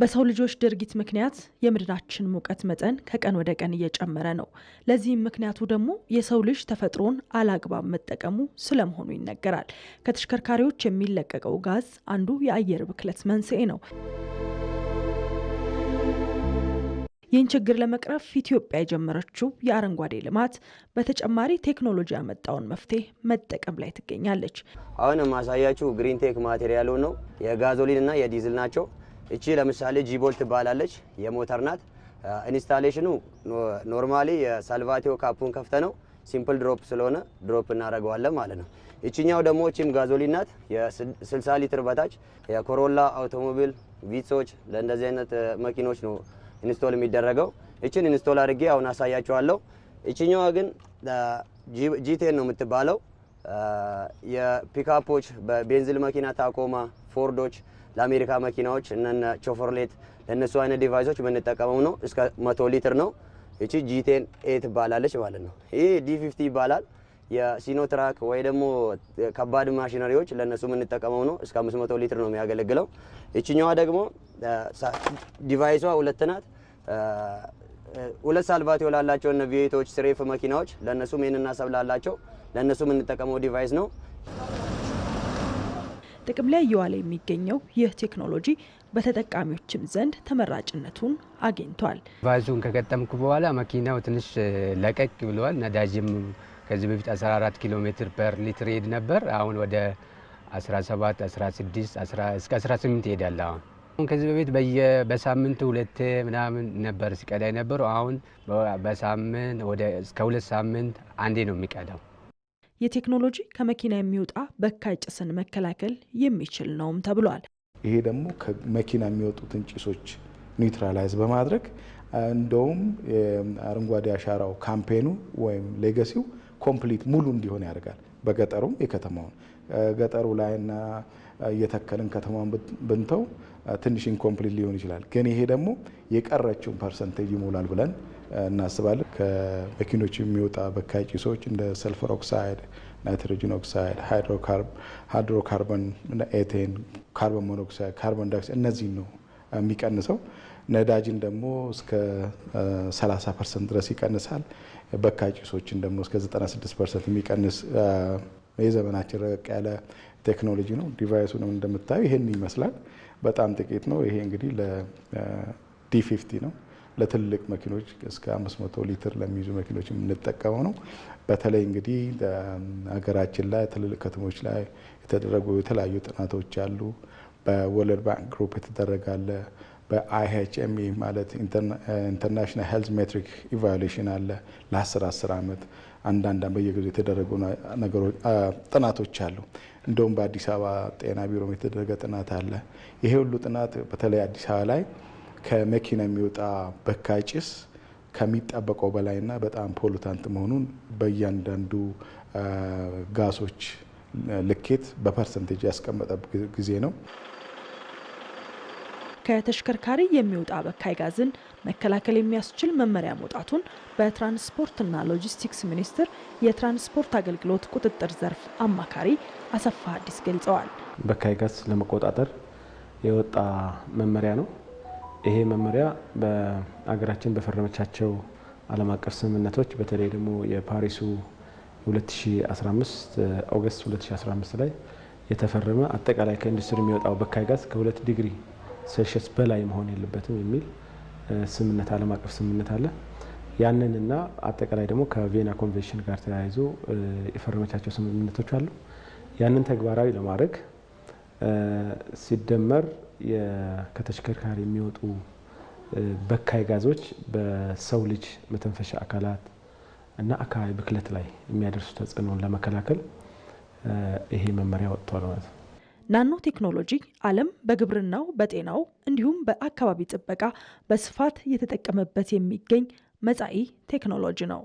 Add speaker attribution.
Speaker 1: በሰው ልጆች ድርጊት ምክንያት የምድራችን ሙቀት መጠን ከቀን ወደ ቀን እየጨመረ ነው። ለዚህም ምክንያቱ ደግሞ የሰው ልጅ ተፈጥሮን አላግባብ መጠቀሙ ስለመሆኑ ይነገራል። ከተሽከርካሪዎች የሚለቀቀው ጋዝ አንዱ የአየር ብክለት መንስኤ ነው። ይህን ችግር ለመቅረፍ ኢትዮጵያ የጀመረችው የአረንጓዴ ልማት በተጨማሪ ቴክኖሎጂ ያመጣውን መፍትሄ መጠቀም ላይ ትገኛለች።
Speaker 2: አሁን ማሳያችሁ ግሪን ቴክ ማቴሪያሉ ነው። የጋዞሊን እና የዲዝል ናቸው። እቺ ለምሳሌ ጂቦል ትባላለች፣ የሞተር ናት። ኢንስታሌሽኑ ኖርማሊ የሳልቫቴዮ ካፑን ከፍተ ነው ሲምፕል ድሮፕ ስለሆነ ድሮፕ እናደርገዋለን ማለት ነው። ይችኛው ደግሞ ቺም ጋዞሊን ናት፣ የ60 ሊትር በታች የኮሮላ አውቶሞቢል ቪትሶች፣ ለእንደዚህ አይነት መኪኖች ነው ኢንስቶል የሚደረገው። ይችን ኢንስቶል አድርጌ አሁን አሳያችኋለሁ። ይችኛዋ ግን ጂቴን ነው የምትባለው። የፒካፖች በቤንዚል መኪና ታኮማ፣ ፎርዶች ለአሜሪካ መኪናዎች እነ ቾፈርሌት ለእነሱ አይነት ዲቫይሶች የምንጠቀመው ነው። እስከ መቶ ሊትር ነው። እቺ ጂቴን ኤ ትባላለች ማለት ነው። ይህ ዲ ፊፍቲ ይባላል። የሲኖ ትራክ ወይ ደግሞ ከባድ ማሽነሪዎች ለእነሱ የምንጠቀመው ነው። እስከ 500 ሊትር ነው የሚያገለግለው። ይችኛዋ ደግሞ ዲቫይሷ ሁለት ናት። ሁለት ሳልቫቲዮ ላላቸው እነ ቪቶች ስሬፍ መኪናዎች ለእነሱም ይህንን ሰብ ላላቸው ለእነሱ የምንጠቀመው ዲቫይስ ነው።
Speaker 1: ጥቅም ላይ እየዋለ የሚገኘው ይህ ቴክኖሎጂ በተጠቃሚዎችም ዘንድ ተመራጭነቱን አግኝቷል።
Speaker 3: ቫዙን ከገጠምኩ በኋላ መኪናው ትንሽ ለቀቅ ብለዋል። ነዳጅም ከዚህ በፊት 14 ኪሎ ሜትር ፐር ሊትር ሄድ ነበር። አሁን ወደ 17 16 እስከ 18 ይሄዳል። አሁን ከዚህ በፊት በሳምንቱ ሁለቴ ምናምን ነበር ሲቀዳ የነበረው። አሁን በሳምንት ወደ እስከ ሁለት ሳምንት አንዴ ነው የሚቀዳው።
Speaker 1: የቴክኖሎጂ ከመኪና የሚወጣ በካይ ጭስን መከላከል የሚችል ነውም ተብሏል።
Speaker 4: ይሄ ደግሞ ከመኪና የሚወጡትን ጭሶች ኒውትራላይዝ በማድረግ እንደውም አረንጓዴ አሻራው ካምፔኑ ወይም ሌገሲው ኮምፕሊት ሙሉ እንዲሆን ያደርጋል። በገጠሩም የከተማውን ገጠሩ ላይና እየተከልን ከተማውን ብንተው ትንሽ ኢንኮምፕሊት ሊሆን ይችላል። ግን ይሄ ደግሞ የቀረችውን ፐርሰንቴጅ ይሞላል ብለን እናስባለን። ከመኪኖች የሚወጣ በካይ ጭሶች እንደ ሰልፈር ኦክሳይድ፣ ናይትሮጅን ኦክሳይድ፣ ሃይድሮካርቦን፣ ኤቴን፣ ካርቦን ሞኖክሳይድ፣ ካርቦን ዳይኦክሳይድ እነዚህ ነው የሚቀንሰው። ነዳጅን ደግሞ እስከ 30 ፐርሰንት ድረስ ይቀንሳል። በካይ ጭሶችን ደግሞ እስከ 96 ፐርሰንት የሚቀንስ የዘመናችን ረቀቅ ያለ ቴክኖሎጂ ነው። ዲቫይሱ ነው እንደምታዩ ይህን ይመስላል። በጣም ጥቂት ነው። ይሄ እንግዲህ ለዲ ፊፍቲ ነው። ለትልቅ መኪኖች እስከ 500 ሊትር ለሚይዙ መኪኖች የምንጠቀመው ነው። በተለይ እንግዲህ ሀገራችን ላይ ትልልቅ ከተሞች ላይ የተደረጉ የተለያዩ ጥናቶች አሉ። በወርልድ ባንክ ግሩፕ የተደረገ አለ። በአይኤችኤምኢ ማለት ኢንተርናሽናል ሄልዝ ሜትሪክ ኢቫሉዌሽን አለ። ለ10 10 ዓመት አንዳንድ በየጊዜው የተደረጉ ጥናቶች አሉ። እንደውም በአዲስ አበባ ጤና ቢሮም የተደረገ ጥናት አለ። ይሄ ሁሉ ጥናት በተለይ አዲስ አበባ ላይ ከመኪና የሚወጣ በካይ ጭስ ከሚጠበቀው በላይና በጣም ፖሉታንት መሆኑን በእያንዳንዱ ጋሶች ልኬት በፐርሰንቴጅ ያስቀመጠ ጊዜ ነው።
Speaker 1: ከተሽከርካሪ የሚወጣ በካይ ጋዝን መከላከል የሚያስችል መመሪያ መውጣቱን በትራንስፖርትና ሎጂስቲክስ ሚኒስቴር የትራንስፖርት አገልግሎት ቁጥጥር ዘርፍ አማካሪ አሰፋ አዲስ ገልጸዋል።
Speaker 5: በካይ ጋዝ ለመቆጣጠር የወጣ መመሪያ ነው። ይሄ መመሪያ በአገራችን በፈረመቻቸው ዓለም አቀፍ ስምምነቶች በተለይ ደግሞ የፓሪሱ 2015 ኦገስት 2015 ላይ የተፈረመ አጠቃላይ ከኢንዱስትሪ የሚወጣው በካይ ጋዝ ከሁለት ዲግሪ ሴልሺየስ በላይ መሆን የለበትም የሚል ስምምነት ዓለም አቀፍ ስምምነት አለ። ያንን እና አጠቃላይ ደግሞ ከቬና ኮንቬንሽን ጋር ተያይዞ የፈረመቻቸው ስምምነቶች አሉ። ያንን ተግባራዊ ለማድረግ ሲደመር ከተሽከርካሪ የሚወጡ በካይ ጋዞች በሰው ልጅ መተንፈሻ አካላት እና አካባቢ ብክለት ላይ የሚያደርሱ ተጽዕኖን ለመከላከል ይሄ መመሪያ ወጥቷል ማለት ነው።
Speaker 1: ናኖ ቴክኖሎጂ ዓለም በግብርናው፣ በጤናው እንዲሁም በአካባቢ ጥበቃ በስፋት እየተጠቀመበት የሚገኝ መጻኢ ቴክኖሎጂ ነው።